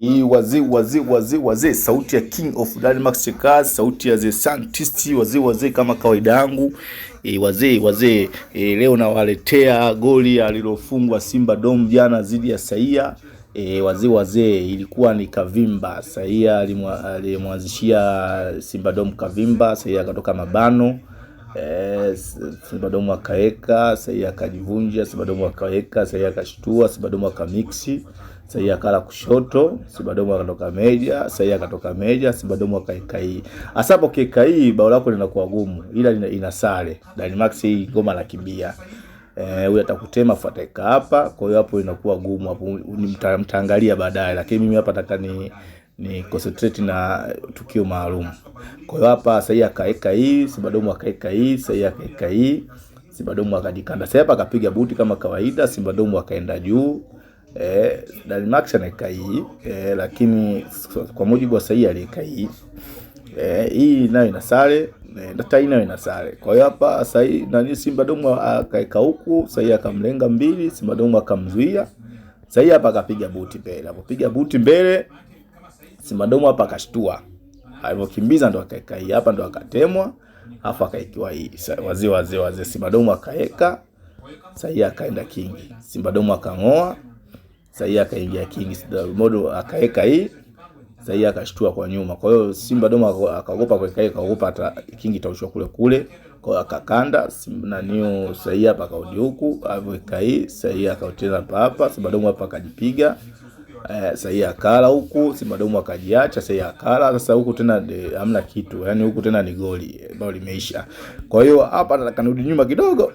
hii wazee wazi wazi wazi, sauti ya King of Denmark Chekaz, sauti ya The Scientist, wazee wazee kama kawaida yangu. E, eh, wazee wazi e, leo nawaletea goli alilofungwa Simba Dom jana dhidi ya Saia. E, eh, wazee wazee, ilikuwa ni Kavimba. Saia alimwanzishia Simba Dom Kavimba, Saia akatoka mabano Simba Sibadomu akaweka, Saia akajivunja, Sibadomu akaweka, Saia akashtua, Sibadomu akamixi Sahii akala kushoto, Sibadomo akatoka meja, sahii akatoka meja, Sibadomo akaikai. asapo hapo kikai bao lako linakuwa gumu, ila ina sare. max hii goma la kibia. Eh, huyu atakutema fuateka hapa, kwa hiyo hapo inakuwa gumu, hapo mtaangalia baadaye, lakini mimi hapa nataka ni ni concentrate na tukio maalum. Kwa hiyo hapa sahii akaeka hii, Sibadomo akaeka hii, sahii akaeka hii. Simba Domu akajikanda. Sasa hapa akapiga buti kama kawaida, Simba Domu akaenda juu, eh, Dalimax anaikaii eh, lakini kwa mujibu wa sahihi aliikaii eh, hii nayo ina sare eh, data hii nayo ina sare. Kwa hiyo hapa sahihi nani Simba Domo akaeka huku sahihi, akamlenga mbili, Simba Domo akamzuia sahihi, hapa akapiga buti mbele. Alipopiga buti mbele, Simba Domo hapa akashtua, alipokimbiza ndo akaeka hii hapa, ndo akatemwa afu akaikiwa hii wazee wazee wazee, Simba Domo akaeka sahihi, akaenda kingi, Simba Domo akang'oa Sahii akaingia King Modo akaeka hii sahii akashtua kwa nyuma. Kwa hiyo Simba Doma akaogopa kuweka hii, akaogopa hata King itaushwa kule kule. Kwa hiyo akakanda na niyo sahii hapa akaudi huku, aweka hii sahii akauteza hapa hapa. Simba Doma hapa akajipiga. Eh, sasa sahii akala huku, Simba Doma akajiacha, sasa sahii akala. Sasa huku tena hamna kitu. yani huku tena ni goli, bao limeisha. Kwa hiyo hapa nataka nirudi nyuma kidogo.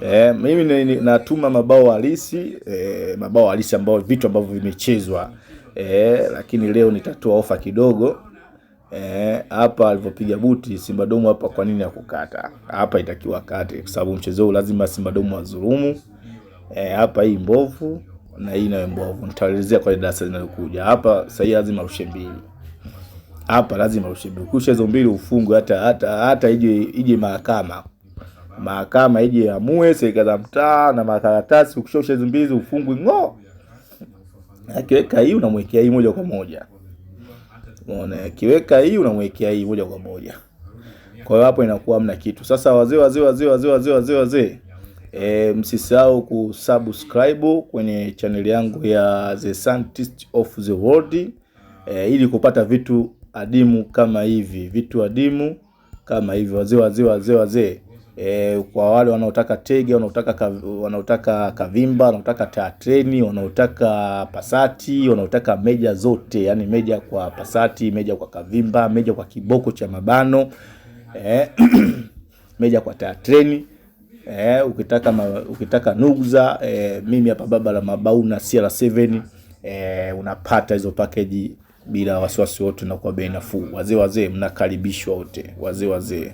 Eh, mimi natuma mabao halisi eh, mabao halisi ambao vitu ambavyo vimechezwa eh, lakini leo nitatoa ofa kidogo eh, hapa e, alivyopiga buti Simba Domo hapa, kwa nini akukata hapa? Itakiwa kate, kwa sababu mchezo huu lazima Simba Domu wadhulumu eh, hapa. E, hii mbovu na hii nayo mbovu, nitaelezea kwa darasa linalokuja hapa. Sasa hii lazima rushe mbili hapa, lazima rushe mbili, kusha hizo mbili ufungwe, hata hata hata ije ije mahakama mahakama ije amue, serikali za mtaa na makaratasi, ukishosha hizo ufungwe ng'o. Akiweka hii unamwekea hii moja kwa moja, unaona, akiweka hii unamwekea hii moja kwa moja. Kwa hiyo hapo inakuwa mna kitu. Sasa wazee wazee wazee wazee wazee wazee wazee, e, msisahau kusubscribe kwenye chaneli yangu ya The Scientist of the World e, ili kupata vitu adimu kama hivi, vitu adimu kama hivi. Wazee wazee wazee wazee. E, kwa wale wanaotaka tege, wanaotaka wanaotaka kavimba, wanaotaka tatreni, wanaotaka pasati, wanaotaka meja zote, yani meja kwa pasati, meja kwa kavimba, meja kwa kiboko cha mabano e, meja kwa tatreni e, ukitaka ma, ukitaka nuguza e, mimi hapa baba la mabau na CR7 e, unapata hizo package bila wasiwasi wote na kwa bei nafuu. Wazee wazee mnakaribishwa wote, wazee wazee.